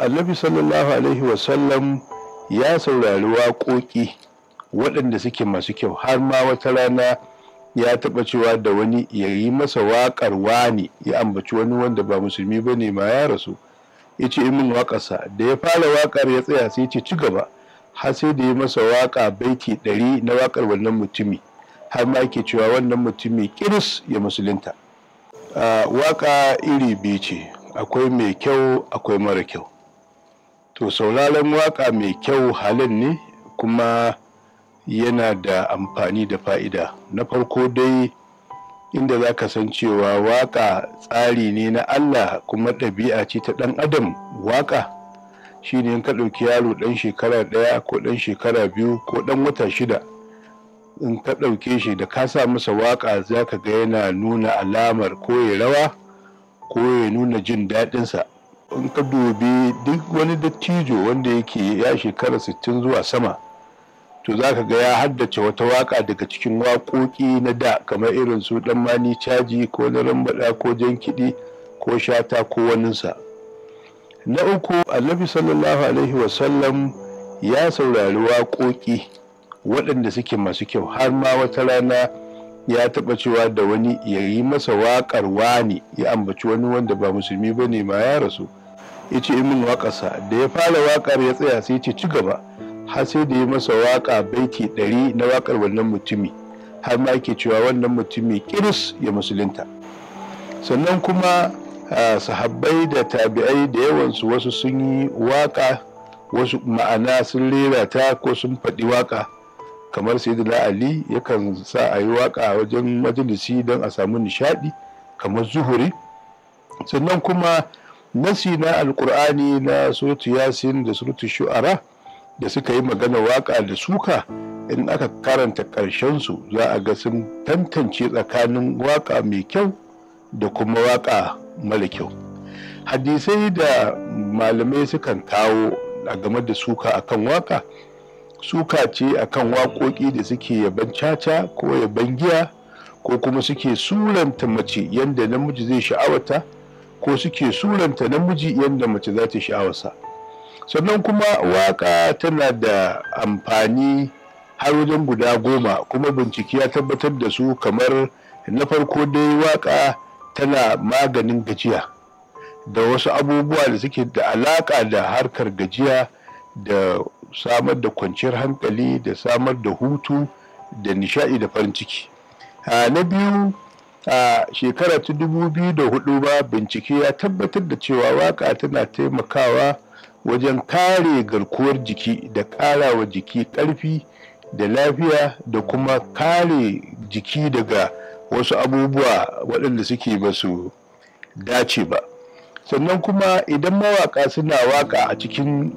annabi sallallahu alaihi wasallam ya saurari waƙoƙi waɗanda suke masu kyau har ma wata rana ya taɓa cewa da wani ya yi masa waƙar wani ya ambaci wani wanda ba musulmi ba ne ma ya rasu ya ce min waƙarsa da ya fara waƙar ya tsaya sai ce ci gaba har sai da ya masa waƙa baiti ɗari na waƙar wannan mutumi har ma ke cewa wannan mutumi kiris ya musulinta ah, waƙa iri biyu ce akwai mai kyau akwai mara kyau to sauraron waƙa mai kyau halin ne kuma yana da amfani da fa'ida na farko dai inda za ka san cewa waƙa tsari ne na allah kuma ɗabi'a ce ta ɗan adam waƙa shine in ka ɗauki yaro ɗan shekara ɗaya ko ɗan shekara biyu ko ɗan wata shida in ka ɗauke shi da ka sa masa waƙa za ka ga yana nuna alamar ko ya rawa ko ya nuna jin daɗinsa in ka dobe duk wani dattijo wanda yake ya shekara 60 zuwa sama to za ka ga ya haddace wata waka daga cikin waƙoƙi na da kamar irin su ɗan mani caji ko na rambaɗa ko jan kiɗi ko shata ko waninsa na uku annabi sallallahu alaihi wasallam ya saurari waƙoƙi waɗanda suke masu kyau har ma wata rana ya taɓa cewa da wani ya yi masa waƙar wani ya ambaci wani wanda ba musulmi ba ne ma ya rasu ya ce min waƙarsa da ya fara waƙar ya tsaya sai ce ci gaba har sai da ya masa waƙa baiti ɗari na waƙar wannan mutumi har ma yake cewa wannan mutumi kiris ya musulunta sannan kuma sahabbai da tabi'ai da yawansu wasu sun yi waƙa wasu ma'ana sun rera ta ko sun faɗi waƙa kamar sai ali yakan sa a yi waƙa wajen majalisi don a samu nishaɗi kamar zuhuri sannan kuma nasi na alkur'ani na suratu yasin da suratu shu'ara da suka yi magana waka da suka in aka karanta ƙarshensu za a ga sun tantance tsakanin waka mai kyau da kuma waka mara kyau hadisai da malamai sukan kawo a game da suka akan waka suka ce akan waƙoƙi da suke yaban caca ko yaban giya ko kuma suke suranta mace yadda namiji zai sha'awata ko suke suranta namiji yadda mace za ta sha'awarsa sannan kuma waƙa tana da amfani har wajen guda goma kuma bincike ya tabbatar da su kamar na farko dai waƙa tana maganin gajiya da wasu abubuwa da suke da alaƙa da harkar gajiya da samar da kwanciyar hankali da samar da hutu da nishaɗi da farin ciki ah, na biyu a shekara ta hudu ba bincike ya tabbatar da cewa waka tana taimakawa wajen kare garkuwar jiki da ƙarawa jiki karfi da lafiya da kuma kare jiki daga wasu abubuwa waɗanda suke basu dace ba sannan kuma idan mawaka suna waka a cikin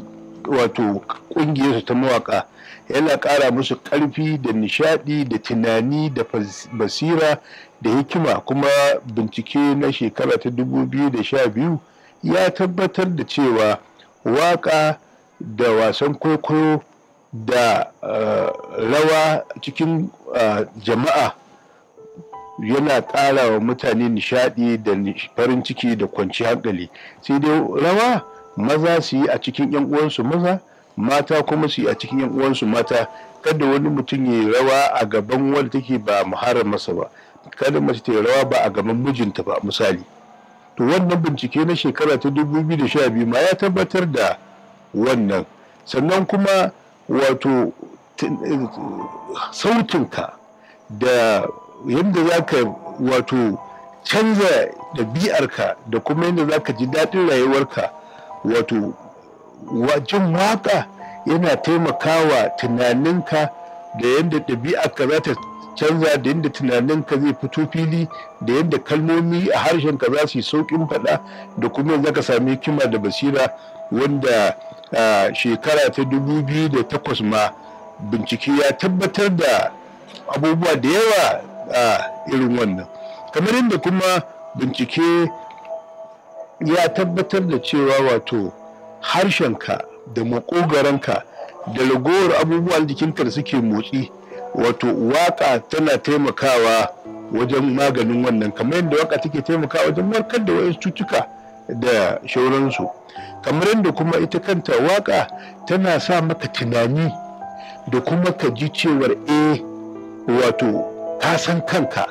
wato ƙungiyarsu ta mawaƙa yana ƙara musu ƙarfi da nishaɗi da tunani da basira da hikima kuma bincike na shekara ta 2012 ya tabbatar da cewa waƙa da wasan kwaikwayo da eh, rawa cikin eh, jama'a yana ƙara wa mutane nishadi da farin ciki da kwanci hankali sai dai rawa maza su yi a cikin yan uwansu maza mata kuma su yi a cikin yan uwansu mata kada wani mutum ya rawa a gaban wanda take ba muharram masa ba kada mace ta rawa ba a gaban mijinta ba misali to wannan bincike na shekara ta 2012 ma ya tabbatar da wannan sannan kuma wato ka, da yadda za ka wato canza ka, da kuma yadda za ka ji daɗin rayuwarka wato wajen waka yana taimakawa tunaninka da yadda ka za ta canza da yadda tunaninka zai fito fili da yadda kalmomi a harshenka za su yi sauƙin faɗa da kuma za ka sami hikima da basira wanda a shekara ta dubu biyu da takwas ma bincike ya tabbatar da abubuwa da yawa a irin wannan kamar yadda kuma bincike ya tabbatar da cewa wato harshenka da makogaranka da lagowar abubuwan jikinka da suke motsi wato waka tana taimakawa wajen maganin wannan kamar yadda waka take taimakawa wajen warkar da wayan cutuka da shauransu kamar yadda kuma ita kanta waka tana sa maka tunani da kuma ka ji cewar A eh, wato ka san kanka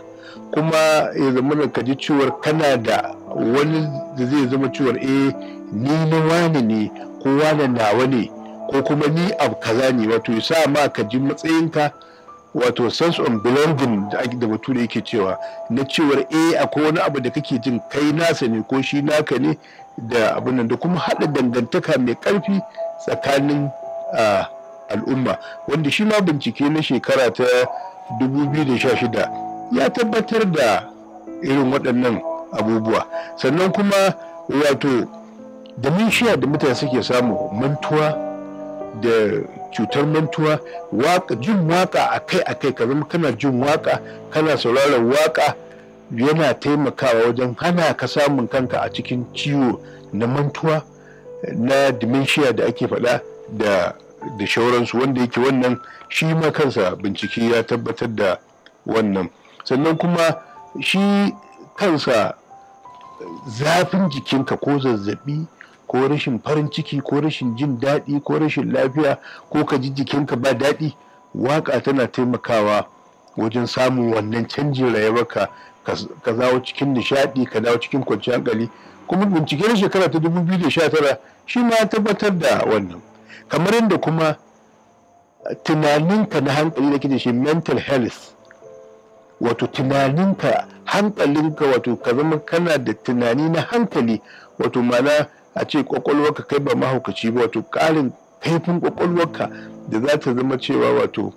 kuma ya zama ka ji cewar kana da wani da zai zama cewar eh ni na wani ne ko wani nawa ne ko kuma ni abu kaza ne wato ya sa ma ka ji matsayinka wato sense of belonging da bature yake cewa na cewar eh akwai wani abu da kake jin kai nasa ne ko shi naka ne da abin da kuma haɗa dangantaka mai karfi tsakanin al'umma wanda shi ma bincike na shekara ta 2016 ya tabbatar da irin waɗannan abubuwa sannan kuma wato da nishiya da mutane suke samu mantuwa da cutar mantuwa waka jin waka akai akai kazam kana jin waka kana sauraron waka yana taimakawa wajen hana ka samun kanka a cikin ciwo na mantuwa na dementia da ake faɗa da da shauransu wanda yake wannan shi ma kansa bincike ya tabbatar da wannan sannan kuma shi kansa zafin jikinka ko zazzabi ko rashin farin ciki ko rashin jin daɗi ko rashin lafiya ko ka ji jikinka ba daɗi waƙa tana taimakawa wajen samun wannan canjin rayuwarka ka zawo cikin nishaɗi ka dawo cikin kwanciyar hankali kuma bincike na shekara ta 2019 shi ma tabbatar da wannan kamar yadda kuma tunaninka na hankali da ke da shi mental health wato tunaninka hankalinka wato ka zama kana da tunani na hankali wato mana a ce ka kai ba mahaukaci ba wato karin kaifin kwakwalwarka da za ta zama cewa wato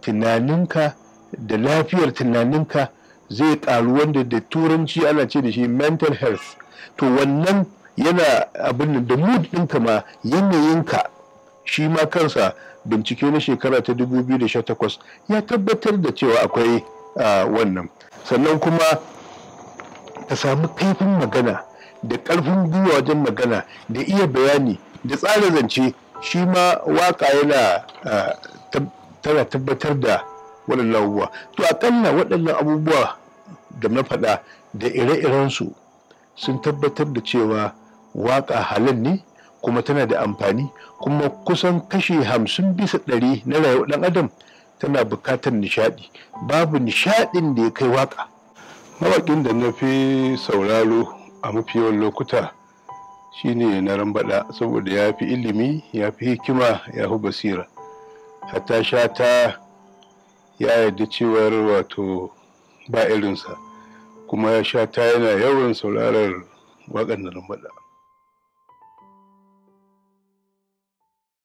tunaninka da lafiyar tunaninka zai ƙaru wanda da turanci ana ce da shi mental health to wannan yana abin da mood ɗinka ma yanayinka shi ma kansa bincike na shekara ta 2018 ya tabbatar da cewa akwai wannan sannan kuma ta samu kaifin magana da ƙarfin gwiwa wajen magana da iya bayani da tsara zance shi ma waka yana tana tabbatar da waɗannan abubuwa to akalla waɗannan abubuwa da na faɗa da ire-irensu sun tabbatar da cewa waka halin ne kuma tana da amfani kuma kusan kashe hamsin bisa ɗari na rayuwar ɗan adam tana bukatar nishaɗi, babu nishaɗin da ya kai waƙa. mawaƙin da na fi sauraro a mafi yawan lokuta shine na rambaɗa saboda ya fi ilimi ya fi hikima ya fi basira hatta shata ya yarda cewar wato ba irinsa kuma shata yana yawan saurarar waƙan na rambaɗa